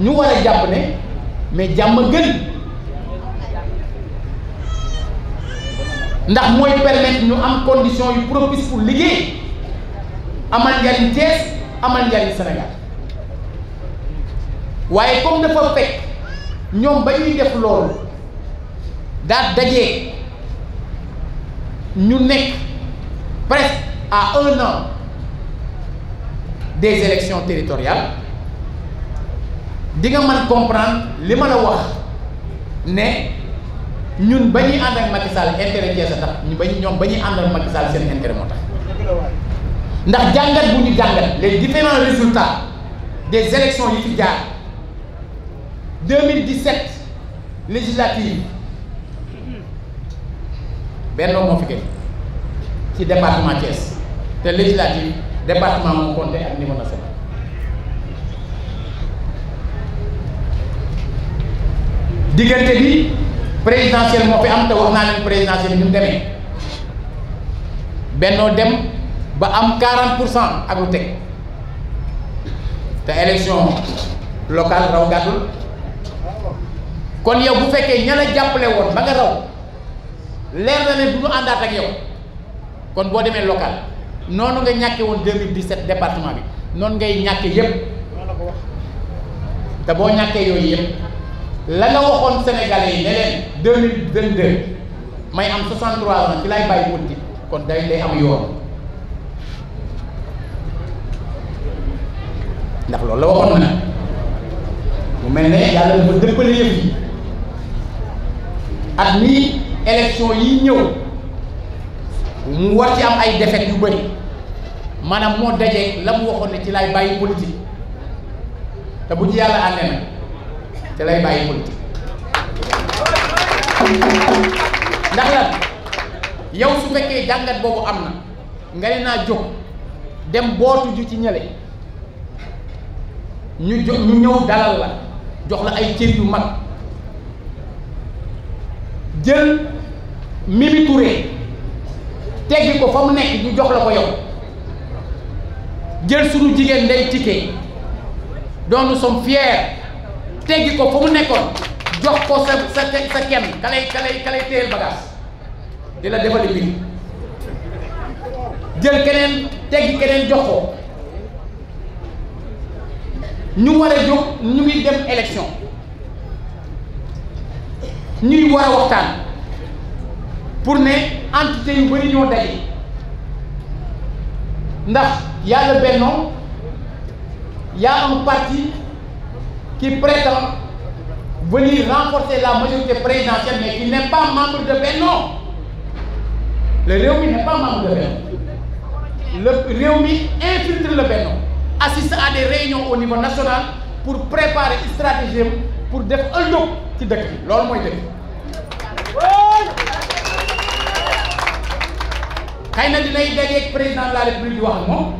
ñu war a jàpp ne mais jàmm gën ndax mooy permettre ñu am condition yu propice pour liggéey amal njariñ Thiès amal njariñ Sénégal waaye comme dafa fekk ñoom ba ñuy def loolu daa dajee ñu nekk presque à un an des élections territoriales di nga mën comprendre li ma la wax ne ñun ba ñuy ànd ak Macky Sall intérêt Thiès a ñu ba ñoom ba ñuy ànd ak Macky Sall seen intérêt moo tax ndax jàngat bu ñu jàngat les différents résultats des élections yi fi jaar 2017 législative Benno moo fi ci département Thiès te législative département moo compté ak niveau national. diggante bi présidentielle moo fi am te wax naa leen présidentielle bi ni mu demee bennoo dem ba am 40 pour cent ak lu teg te élection locale raw gàddul kon yow bu fekkee ña la jàppale woon ba nga raw leer na ne du ñu àndaat ak yow kon boo demee local noonu nga ñàkke woon 2017 département bi noonu ngay ñàkke yépp te boo ñàkkee yooyu yépp la nga waxoon sénégalais yi ne deux mille vingt deux may am 63 ans ci lay bàyyi politique kon day day am yoon ndax loolu la waxoon na mu mel ne yàlla dafa dëppale yëf yi at mii élection yi ñëw mu war ci am ay défaite yu bëri maanaam moo dajee la mu waxoon ne ci lay bàyyi politique te bu ci yàlla àndee na te lay bàyyi politique ndax lan yow su fekkee jàngat boobu am na nga ne naa jóg dem bootu ju ci ñële ñu jo ñu ñëw dalal la jox la ay cër yu mag jël Mimi Touré teggi ko fa mu nekk ñu jox la ko yow jël sunu jigéen Ndeye Tické dont nous sommes teggi ko fa mu nekkoon jox ko sa sa sa kenn ka lay ka lay ka lay téyel bagage di la defali mbir jël keneen teggi keneen jox ko ñu war a jóg ñu ngi dem élection ñuy war a waxtaan pour ne entité yu bari ñoo daje ndax y a le Benno parti qui prétend venir renforcer la majorité présidentielle mais i n'est pas membre de Benno le Rewmi n'est pas membre de Benno le Rewmi infiltre le Benno assiste à des réunions au niveau national pour préparer stratégie pour def ëllëg ci dëkk bi loolu mooy dëkk xëy na dinay dajeeg président de la république di wax ak moom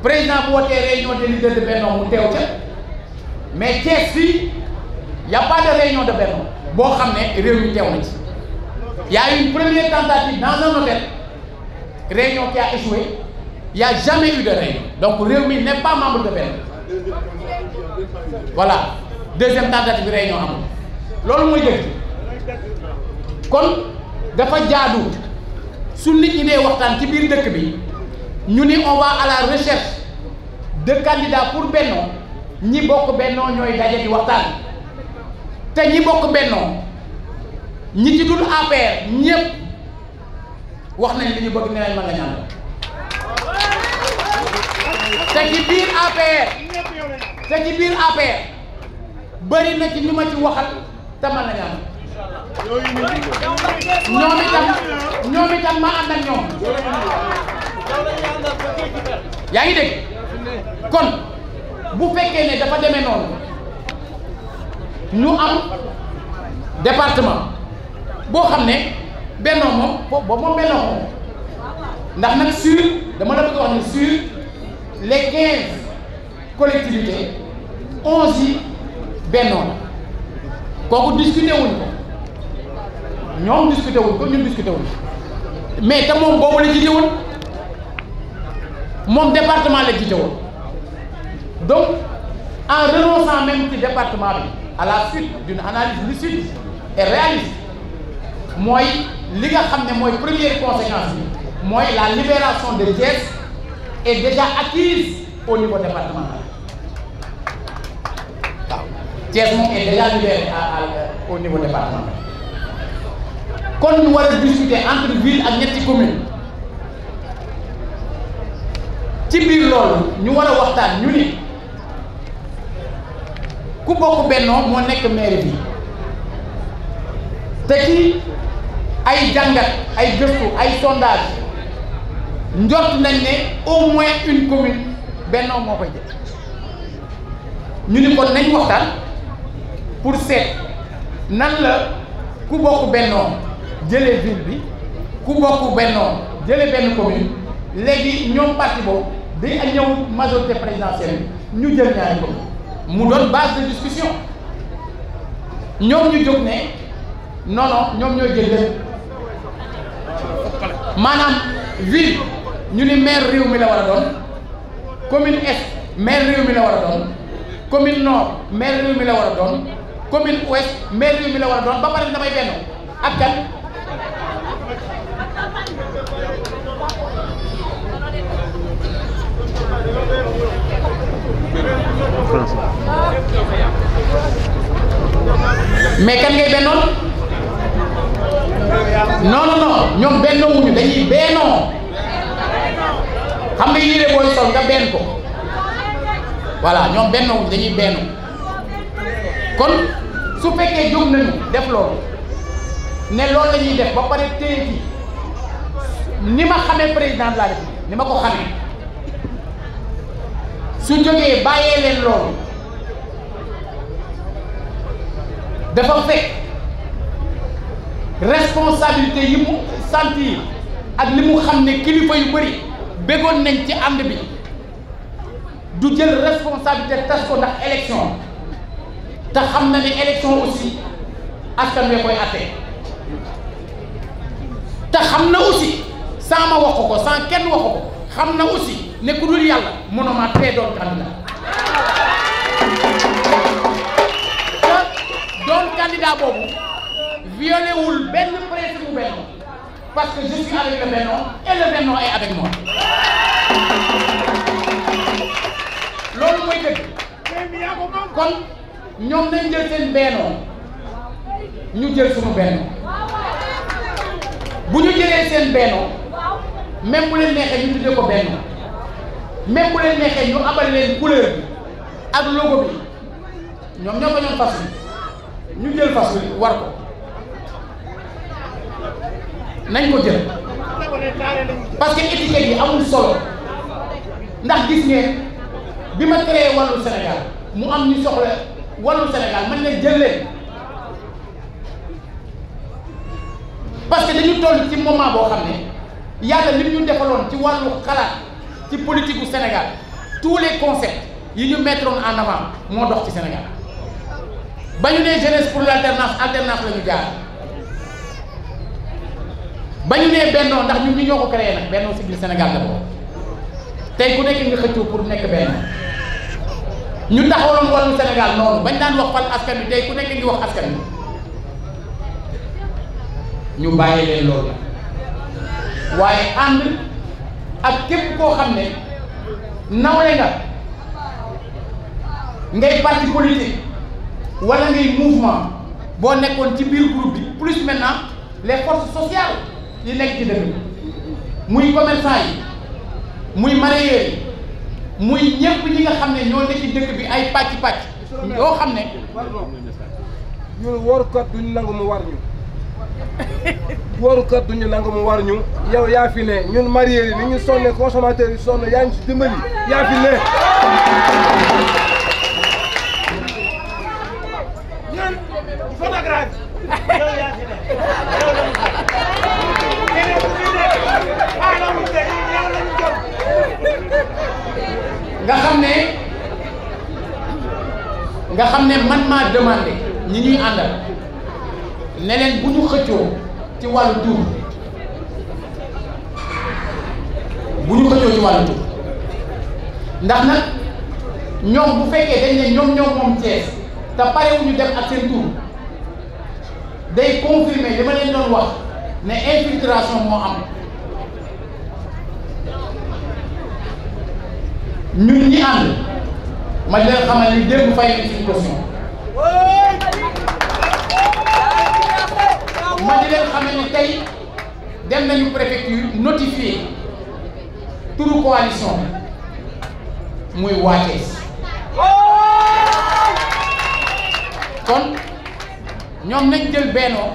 président bu wootee réunion mais Thiès fii y' a pas de boo xam ne réew mi teew na ci y' a une première tentative dans un hôtel réunion qui a échoué y' jamais eu de donc réew mi n'est pas membre de Benno voilà deuxième tentative réunion loolu mooy dëgg kon dafa jaadu su nit dee waxtaan ci biir dëkk bi ñu ni on va à la recherche pour Benno ñi bokk bennoo ñooy daje di waxtaan te ñi bokk bennoo ñi ci dul APR ñépp wax nañ li ñu bëgg ne nañ ma nga ñaan te ci biir APR te ci biir APR bëri na ci ñu ma ci waxal te man la ñaan ñoom itam ñoom itam ma ànd ak ñoom yaa ngi dégg kon bu fekkee ne dafa demee noonu ñu am département boo xam ne bennoo moom foofu boobu moom bennoo moom ndax nag sur dama la bëgg a wax ne sur les quinze collectivités onze yi bennoo la kooku discuté wuñ ko ñoom discuté ko ñun discuté mais te moom boobu la jiite moom département la jiite donc en renonçant même ci département bi à la suite d'une analyse lucide et réaliste mooy li nga xam ne mooy première conséquence bi mooy la libération de Thiès est déjà acquise au niveau départemental waaw Thiès moom est déjà libéré à au niveau départemental kon ñu war a discuter entre ville ak ñetti commune ci biir loolu ñu war waxtaan ñu ku bokk bennoo moo nekk maire bi te ci ay jàngat ay gëstu ay sondage njort nañ ne au moins une commune bennoo moo koy jël ñu ni kon nañ waxtaan pour seet nan la ku bokk bennoo jëlee ville bi ku bokk bennoo jëlee benn commune léegi ñoom parti boobu day ñëw majorité présidentielle ñu jël ñaari commune mu doon base de discussion ñoom ñu jóg ne non non ñoom ñooy jël lépp maanaam ville ñu ni maire réew mi la war a doon commune est maire réew mi la war a doon commune nord maire réew mi la war a doon commune ouest maire réew la war a doon ba pare damay benn ak kan mais kan ngay bennoon non non ñoom bennoo wuñu dañuy bennoo xam nga yére booy sol nga benn ko voilà ñoom bennoo dañuy bennoo kon su fekkee jóg nañu def loolu ne loolu la def ba pare téye ci ni ma xamee président de la ni ma ko xamee su jógee bàyyee leen loolu. dafa fekk responsabilité yi mu sentir ak li mu xam ne kilifa yu bëri béggoon nañ ci ànd bi du jël responsabilité tas ko ndax élection te xam na ne élection aussi askan wee koy attee te xam na aussi sans ma wax ko ko kenn wax ko ko xam na aussi ne ku dul yàlla mënuma tee doon candidat candidat boobu violé wul benn principe bu Benno parce que je suis avec le Benno et le Benno avec moi loolu mooy dëgg kon ñoom nañ jël seen ñu jël sunu bu ñu jëlee seen Benno même bu ñu tuddee ko Benno même ñu abal leen couleur bi ak logo ñoom ñoo ko ñoom ñu jël fas wi war ko nañ ko jël parce que étiquette yi amul ndax gis ngeen bi ma créé wàllu Sénégal mu am ñu soxla wàllu Sénégal man ne jël leen que dañu toll ci moment boo xam ne yàlla li ñu defaloon ci wàllu xalaat ci politique gu Sénégal tous les concepts yi ñu mettre en moo dox ci Sénégal. ba ñu nee jeunesse pour l' alternance alternance la ñu jaar ba ñu nee bennoo ndax ñun ñu ñoo ko créé nag bennoo si biir Sénégal la boobu tey ku nekk nga xëccoo pour nekk benn ñu taxawaloon wàllu Sénégal noonu bañ daan wax fal askan wi tey ku nekk ngi wax askan wi ñu bàyyi leen loolu waaye ànd ak képp koo xam ne nawle nga ngay parti politique. wala ngay mouvement boo nekkoon ci biir groupe bi plus maintenant les forces sociales yi nekk ci dëkk bi muy commerçant yi muy mareyeur yi muy ñëpp ñi nga xam ne ñoo nekk dëkk bi ay pàcc pàcc yoo xam ne ñun wóorukat duñu nangu mu war ñu wóorukat duñu nangu mu war ñu yow yaa fi ne ñun mareyeur yi ni ñu sonne consommateur yi sonn yaa ñu si dimbali yaa fi ne nga xam ne nga xam ne man maa demandé ñi ñuy àndal ne bu ñu xëccoo ci wàllu tur bu ñu xëccoo ci wàllu tur ndax nag ñoom bu fekkee dañ ne ñoom ñoom moom Thiès te parewuñu dem ak seen tur day confirmer li ma leen doon wax ne infiltration moo am ñun ñi am ma leen xamal ni démb fay nañ ma di leen xamal ni tey dem nañu préfecture notifié turu coalition muy waatees kon ñoom nañ jël bennoo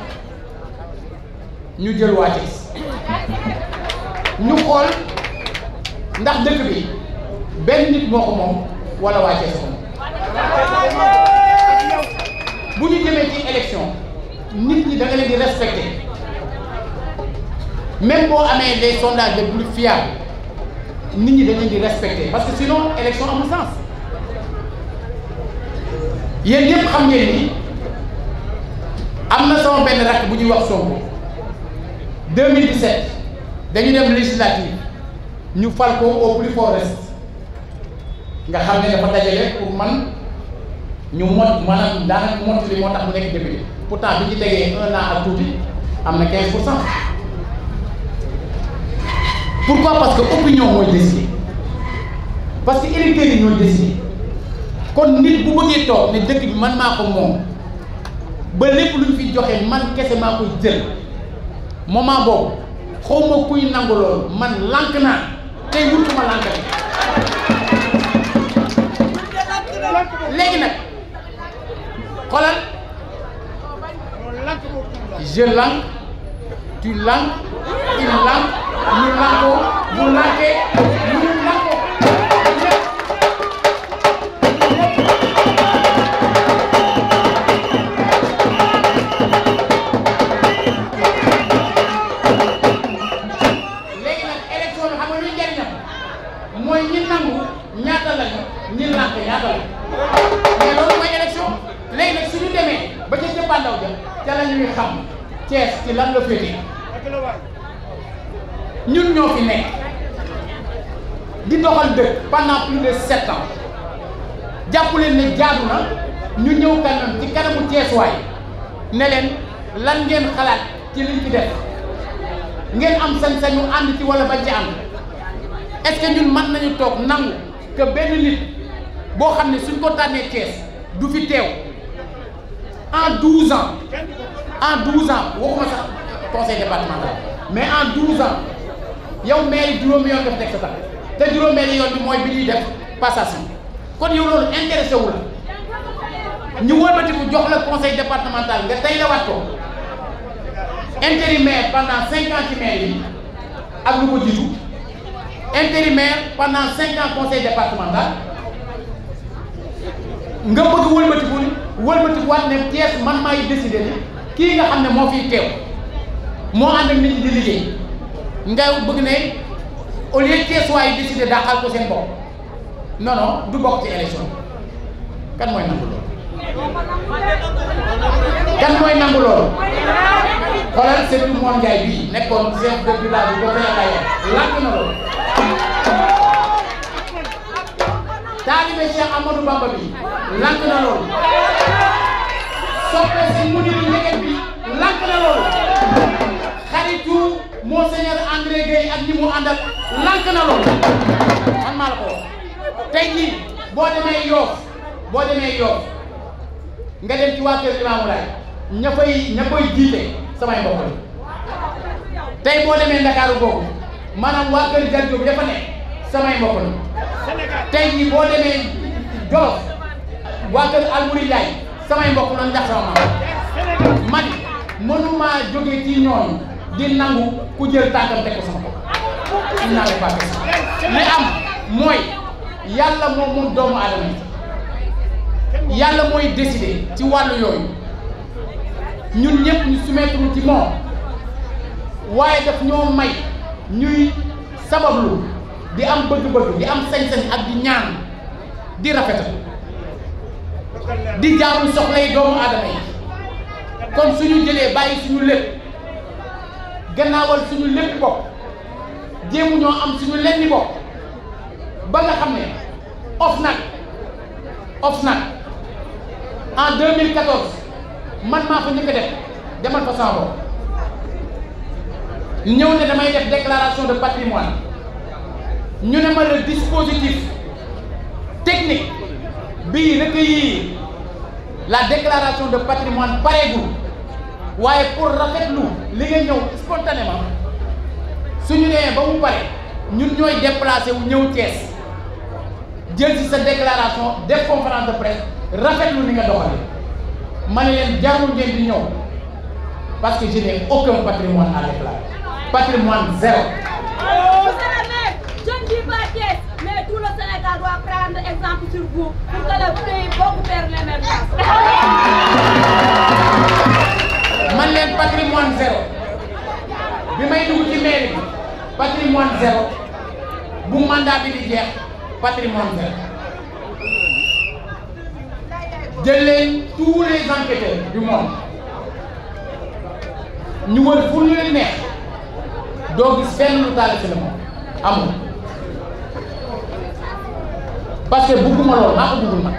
ñu jël waa ñu xool ndax dëkk bi benn nit moo ko moom wala waa Thiès moom bu ñu jëmee ci élection nit ñi da nga leen di respecter même boo amee des sondages les plus fiables nit ñi dañ leen di respecter parce que sinon élection amul sens yéen ñëpp xam ngeen ni am na sama benn rakk bu ñuy wax Sonko 2017 dañu dem législative ñu fal ko au plus fort nga xam ne dafa dajale pour man ñu mot maanaam daanaka mot li moo tax mu nekk député pourtant bi ñu tegee un naa ak tuuti am na 15 pour cent pourquoi parce que opinion mooy décider parce que électeurs yi ñooy décider kon nit bu bëggee toog ne dëkk bi man maa ko moom. ba lépp luñ fi joxe man kese maa koy jël moment boobu xaw ma kuy nangu loolu man lànk naa tey wut ku ma lànkale léegi nag xoolal je lànk tu lànk il lànk ñu lànkoo bu lànkee ñuy la féete ñun ñoo fi nekk di doxal dëkk pendant plus ne jaadu na ñu ñëw kanam ci kanamu Thiès ne leen lan ngeen xalaat ci liñ ngeen am sañ-sañu ànd ci wala bañ ci ànd est-ce que ñun mën nañu toog nangu que benn boo xam ne suñ ko tànnee Thiès du fi teew en douze ans en 12 ans waxuma sax conseil départemental mais en 12 yow maire juróom juróomi yoon teg sa tànk te juróomeeli yoon bi mooy bi ñuy def passation kon yow loolu intéressé wu la ñu wëlbati ko jox la conseil départemental nga tey la waat ko intérimaire pendant 5 ans ci maire yi ak lu ko jiitu intérimaire pendant 5 ans conseil nga bëgg wëlbati ko wëlbati waat ne Thiès man maay décidé kii nga xam ne moo fi teew moo ànd ak nit ñi di liggéey bëgg ne au lieu Ceesuwaay yi décider dàqal ko seen bopp non non du bokk ci élection kan mooy nangu loolu kan mooy nangu loolu xoolal Seydou Mor Ndiaye bii nekkoon chef de village bi ba Kër Laye lànk na loolu taalibe Cheikh Amadou Bamba bi lànk na soppee sëñ Mounirou Ndiéguène bi lànk na loolu xaritu monseigneur André Gueye ak ñi mu àndal lànk na loolu man maa la ko tey jii boo demee Yoof boo demee Yoof nga dem ci waa kër Imaamu Laay jiite samay mbokk tey boo demee Ndakaaru boobu maanaam waa kër Jaljo bi dafa ne samay mbokk tey jii boo demee Jolof waa kër Almouri Ndiaye samay mbokk doon jaxasoo ma man mënumaa jóge ci ñoom di nangu ku jël tànkam teg ko sama bopp naa la bàkke li am mooy yàlla moom moom doomu aadama yi yàlla mooy décider ci wàllu yooyu ñun ñëpp ñu soumettre ci moom waaye daf ñoo may ñuy sabablu di am bëgg-bëgg di am sañ-sañ ak di ñaan di rafetal di jaamu soxlay doomu aadama yi kon suñu jëlee bàyyi suñu lépp gannaawal suñu lépp bopp jéemu ñoo am suñu lenni bopp ba nga xam ne OFNAC OFNAC en 2014 man maa ko njëkk a def demal fa saa ñëw ne damay def déclaration de patrimoine ñu ne ma le dispositif technique bii recueillir la déclaration de patrimoine pareegul waaye pour rafetlu li nga ñëw spontanément suñu nee ba mu pare ñun ñooy déplacé wu ñëw Thiès jël sa déclaration def conférence de presse rafetlu li nga doxale ma ne leen jarul ngeen di ñëw parce que je n'ai aucun patrimoine à déclarer patrimoine zéro. Sénégal doit prendre man leen patrimoine zéro bi may dugg ci mairie patrimoine zéro bu mandat bi di jeex patrimoine zéro jël leen tous les enquêteurs du ñu wër fu ñu leen neex doo gis fenn lu taal ci le moom parce que bëgguma lool maa ko bëggul man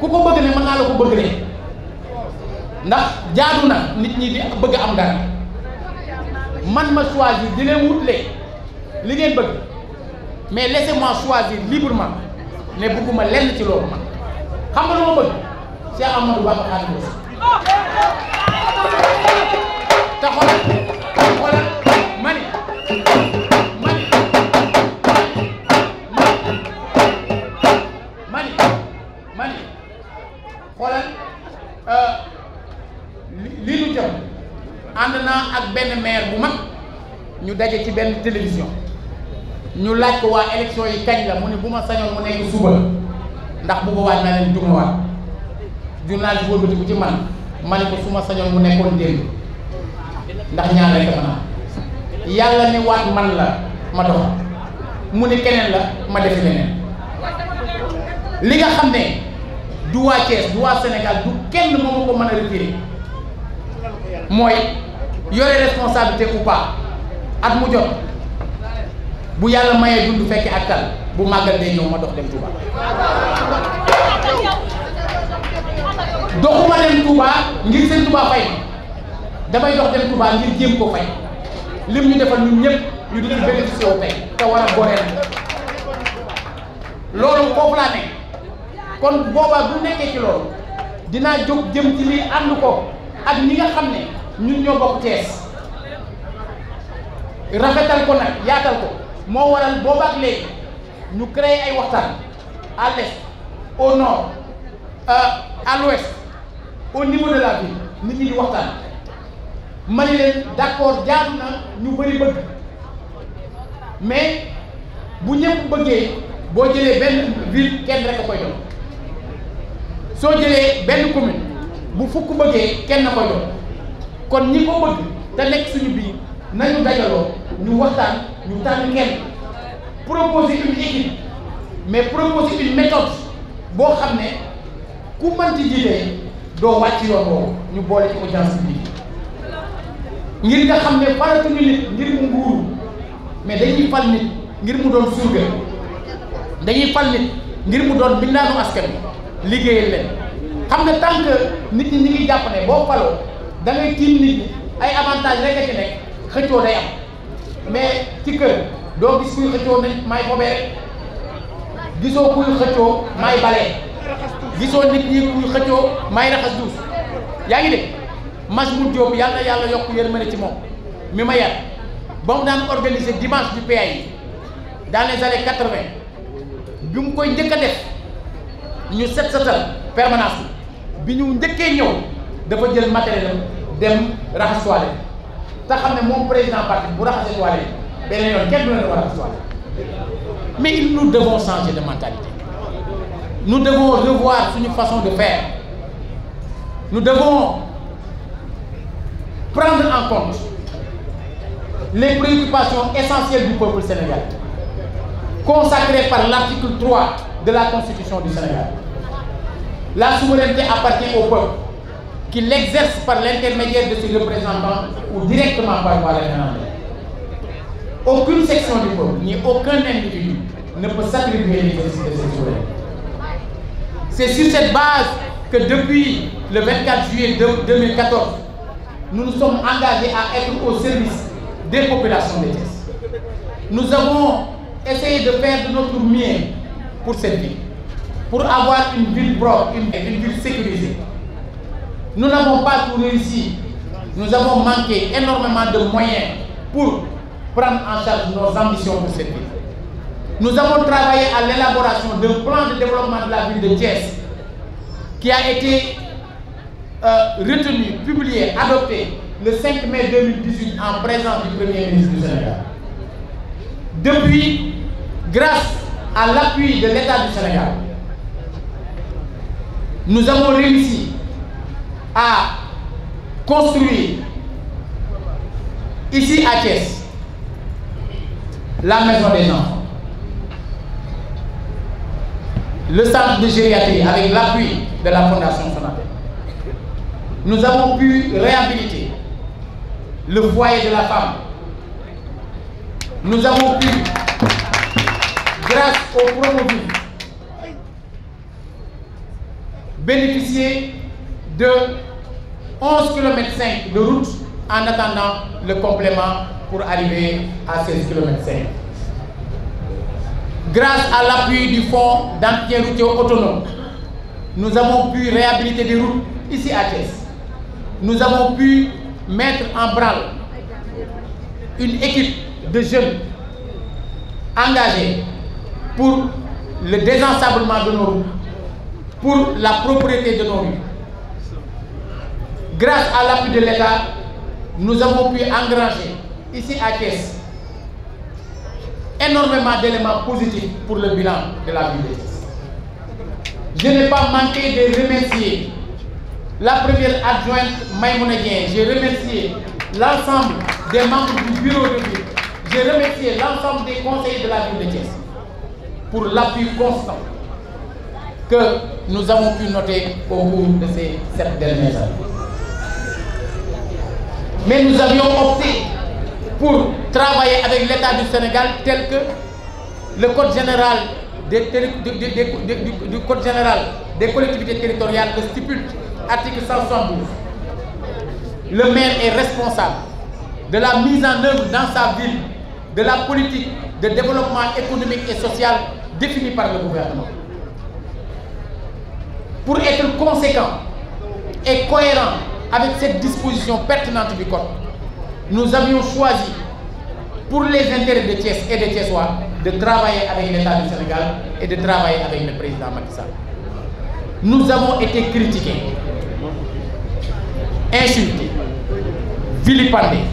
ku ko bëgg ne mën naa la ko bëgg ne ndax jaadu na nit ñi di bëgg am dara man ma choisir di leen wutlee li ngeen bëgg mais laissez-moi choisir librement ne bëgguma lenn ci loolu man xam nga lu ma bëgg Cheikh Amadou Bamba Xaadimu Rasuul te xoolal daje ci benn télévision ñu laaj ko waa élection yi kañ la mu ne bu ma sañoon mu nekk suba ndax bu boobaa naa leen jumlawaat journaliste wëlbati bu ci ne ko su ma mu nekkoon démb ndax ñaar rek mën yàlla ne waat man la ma dox mu ne keneen la ma def leneen li nga xam ne du waa Thiès bu waa Sénégal du kenn moo ma ko mën a retiré mooy yore responsabilité ou pas at mu jot bu yàlla mayee dund fekki ak tal bu màggat day ñëw ma dox dem Touba doxuma dem Touba ngir seen jéem ko fay lim ñu defal ñun ñëpp ñu di ci bénéficié wu tey te war a goreel loolu foofu laa kon boobaa bu nekkee ci loolu dinaa jóg jëm ci lii ànd ko ak ñi nga xam ne ñun ñoo bokk Cees rafetal ko nag yaatal ko moo waral boobaak léegi ñu créé ay waxtaan à l'est au nord euh, à l'ouest au niveau de nit ñi waxtaan ma ni leen d'accord jaadu na ñu bëri bëgg mais bu ñëpp bëggee boo jëlee benn ville kenn rek a koy soo jëlee benn commune bu fukk bëggee kenn na koy doon kon ñi ko bëgg te nekk suñu nañu dajaloo ñu waxtaan ñu tànn kenn proposer une équipe mais proposer une méthode boo xam ne ku mën ci doo wàcc yoon ñu boole ci audience bi ngir nga xam ne faratuñu nit mu nguuru mais dañ fal nit ngir mu doon surga dañuy fal nit ngir mu doon bindaanu askan bi liggéeyal le xam nga tant que nit ñi ñu ngi jàpp ne boo faloo da ngay tiim ay avantages rek a ci mais ci kër doo gis kuy xëccoo nañ may fobeere gisoo kuy xëccoo may balee gisoo nit ñi kuy xëccoo may raxas duus yaa ngi dégg Majmout Diop yàlla yàlla yokk yërmande ci moom mi ma yar ba mu daan organiser dimanche du PAI yi dans les bi mu koy njëkk a def ñu set setal permanence bi ñu njëkkee ñëw dafa jël matériel dem raxas toilette ta xam ne moom président parti bu raxasee toile yi beneen yoon kenn du la war a raxas toile mais nous devons changer de mentalité nous devons revoir suñu façon de faire nous devons prendre en compte les préoccupations essentielles du peuple sénégalais consacrées par l'article 3 de la Constitution du Sénégal la souveraineté appartient au peuple qui l'exerce par l'intermédiaire de ses représentants ou directement par voie référendaire. Aucune section du peuple, ni aucun individu ne peut s'attribuer l'exercice de ses souhaits. C'est sur cette base que depuis le 24 juillet 2014, nous nous sommes engagés à être au service des populations de Thiès. Nous avons essayé de faire de notre mieux pour cette ville, pour avoir une ville propre, une ville sécurisée Nous n'avons pas tout réussi. Nous avons manqué énormément de moyens pour prendre en charge nos ambitions pour cette Nous avons travaillé à l'élaboration d'un plan de développement de la ville de Thiès qui a été euh, retenu, publié, adopté le 5 mai 2018 en présence du Premier ministre du Sénégal. Depuis, grâce à l'appui de l'État du Sénégal, nous avons réussi a construit ici à Thiès la maison des enfants le centre de gériatrie avec l'appui de la fondation Sonatel nous avons pu réhabiliter le foyer de la femme nous avons pu grâce au Promovilles bénéficier de 11 kilomètres 5 de route en attendant le complément pour arriver à 16 kilomètres 5. Grâce à l'appui du Fonds d'entretien routier autonome, nous avons pu réhabiliter des routes ici à Thiès. Nous avons pu mettre en branle une équipe de jeunes engagés pour le désensablement de nos routes, pour la propriété de nos rues. Grâce à l'appui de l'État, nous avons pu engranger ici à Thiès énormément d'éléments positifs pour le bilan de la ville de Je n'ai pas manqué de remercier la première adjointe Maïmouna Dieng, j'ai remercié l'ensemble des membres du bureau de ville, l'ensemble des conseillers de la ville de Thiès pour l'appui constant que nous avons pu noter au de ces sept dernières années. Mais nous avions opté pour travailler avec l'État du Sénégal tel que le code général des, du, du, du, du, code général des collectivités territoriales le stipule, article 172. Le maire est responsable de la mise en œuvre dans sa ville de la politique de développement économique et social définie par le gouvernement. Pour être conséquent et cohérent avec cette disposition pertinente du code, nous avions choisi pour les intérêts de Thiès et de Thiessois de travailler avec l'État du Sénégal et de travailler avec le président Macky Sall. Nous avons été critiqués, insultés, vilipendés.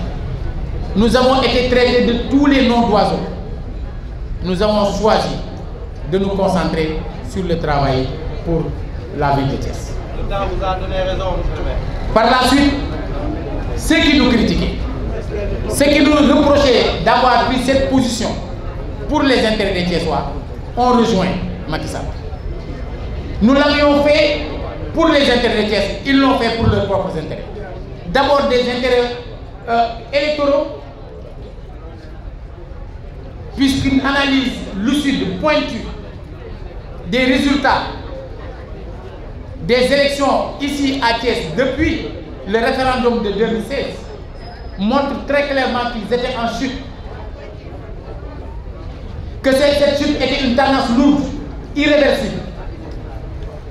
Nous avons été traités de tous les noms d'oiseaux. Nous avons choisi de nous concentrer sur le travail pour la ville de Thiès. le temps a donné raison, Par la suite, ceux qui nous critiquaient, ceux qui nous reprochaient d'avoir pris cette position pour les intérêts des Thiessois, ont rejoint Macky Sall. Nous l'avions fait pour les intérêts des Thiès, ils l'ont fait pour leurs propres intérêts. D'abord des intérêts euh, électoraux, puisqu'une analyse lucide, pointue des résultats des élections ici à Thiès depuis le référendum de 2016 montrent très clairement qu'ils étaient en chute. Que cette chute était une tendance lourde, irréversible.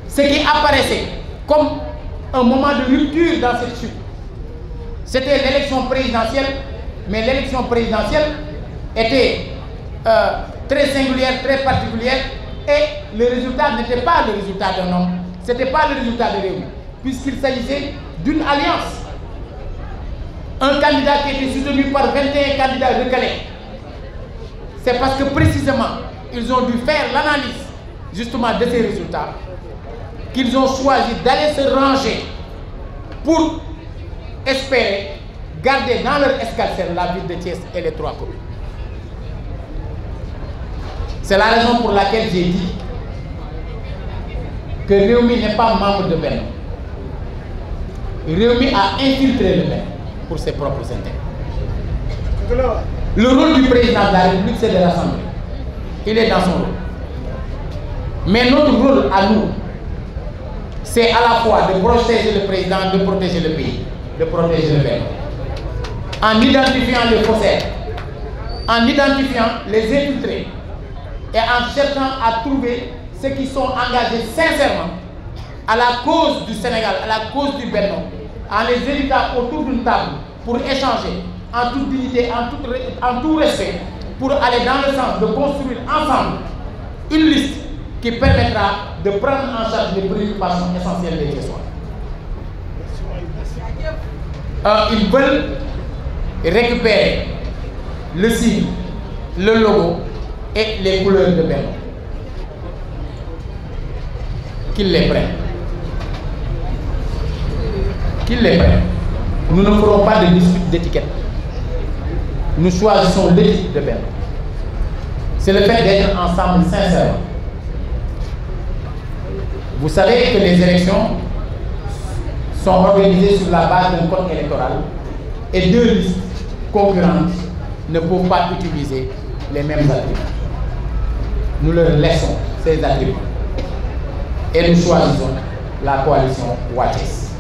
Ce qui apparaissait comme un moment de rupture dans cette chute, c'était l'élection présidentielle, mais l'élection présidentielle était euh, très singulière, très particulière, et le résultat n'était pas le résultat d'un homme Ce n'était pas le résultat de Réunion, puisqu'il s'agissait d'une alliance. Un candidat qui était soutenu par 21 candidats recalés. C'est parce que précisément, ils ont dû faire l'analyse justement de ces résultats qu'ils ont choisi d'aller se ranger pour espérer garder dans leur escarcelle la ville de Thiès et les trois communes. C'est la raison pour laquelle j'ai dit que Réumi n'est pas membre de Benno Réumi a infiltré le Benno pour ses propres intérêts le rôle du président de la République c'est de rassembler il est dans son rôle mais notre rôle à nous c'est à la fois de le président de protéger le pays de protéger le Benno en identifiant les faussaires en identifiant les infiltrés et en cherchant à trouver ce qui sont engagés sincèrement à la cause du Sénégal, à la cause du Benno, en les élitant autour d'une table pour échanger en toute dignité, en tout, en tout respect, pour aller dans le sens de construire ensemble une liste qui permettra de prendre en charge les préoccupations essentielles des questions. Euh, ils veulent récupérer le signe, le logo et les couleurs de Benno. qu'il les prenne. Qu'il les prenne. Nous ne ferons pas de dispute d'étiquette. Nous choisissons l'éthique de Benno. C'est le fait d'être ensemble sincèrement. Vous savez que les élections sont organisées sur la base d'un code électoral et deux listes concurrentes ne peuvent pas utiliser les mêmes attributs. Nous leur laissons ces attributs. et nous choisissons la coalition Wattes.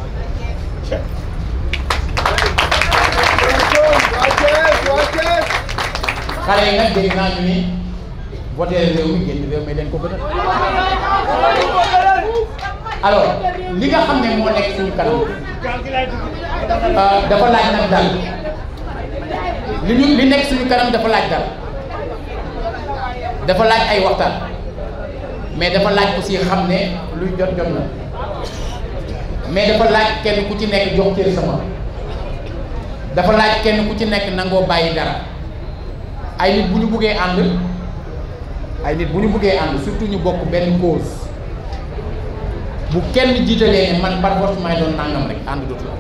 xale yi nag dégg naa ñu ni voté réew mi génn réew mi leen ko gën a. alors li nga xam ne moo nekk suñu kanam euh, dafa laaj nag dal li ñu li nekk suñu kanam dafa laaj dal dafa laaj ay waxtaan. mais dafa laaj aussi xam ne luy jot jot na mais dafa laaj kenn ku ci nekk jox cër sama dafa laaj kenn ku ci nekk nangoo bàyyi dara ay nit bu ñu buggee ànd ay nit bu ñu buggee ànd surtout ñu bokk benn cause bu kenn jiitalee ne man par force may doon nangam rek ànd dootu la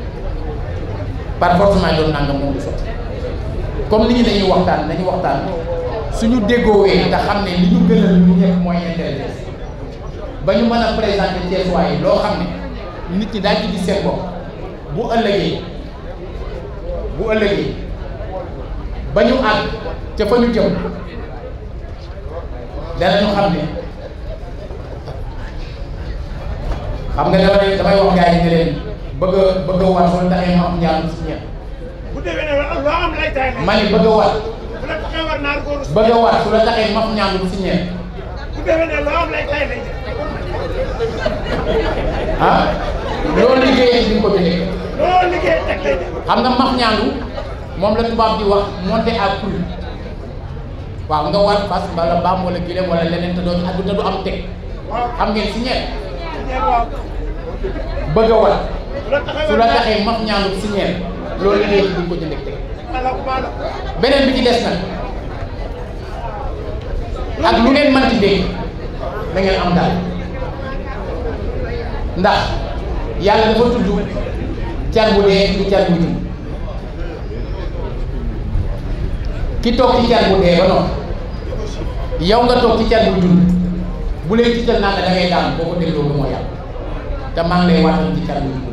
par force may doon nangam moom du sotti comme nit ñi dañuy waxtaan dañuy waxtaan suñu déggoowee te xam ne li ñu gënal ñu ñëpp mooy intérêt ba ñu mën a présenter Thiessois loo xam ne nit ñi daal ci gis seen bopp bu ëllëgee bu ëllëgee ba ñu àgg ca fa ñu jëm danañu xam ne xam nga damay damay wax gars yi ne leen bëgg a bëgg a wat wala taxee ma am njaaram si ñett. am lay taay ma ne bëgg a wat. war naa góor a wat su la taxee ma am njaaram si ñett. ah loolu liggéeyee di ko jëlee. xam nga max ñaandu moom la tubaab di wax monter à cru waaw nga war fas wala mbaam wala gileem wala leneen te doo te du am teg xam ngeen si ñeent. bëgg a war su la taxee max si ñeent loolu liggéey di ko jëndee teg beneen bi ci des nag. ak lu ngeen mën di dégg da am daal ndax yàlla dafa tudd car bu dee du car bu jub ki toog ci car bu dee ba noonu yow nga toog ci car bu jub bu ci car naa nga da ngay boo ko dégloo ko moo yàlla te maa ngi lay waatal ci car bu jub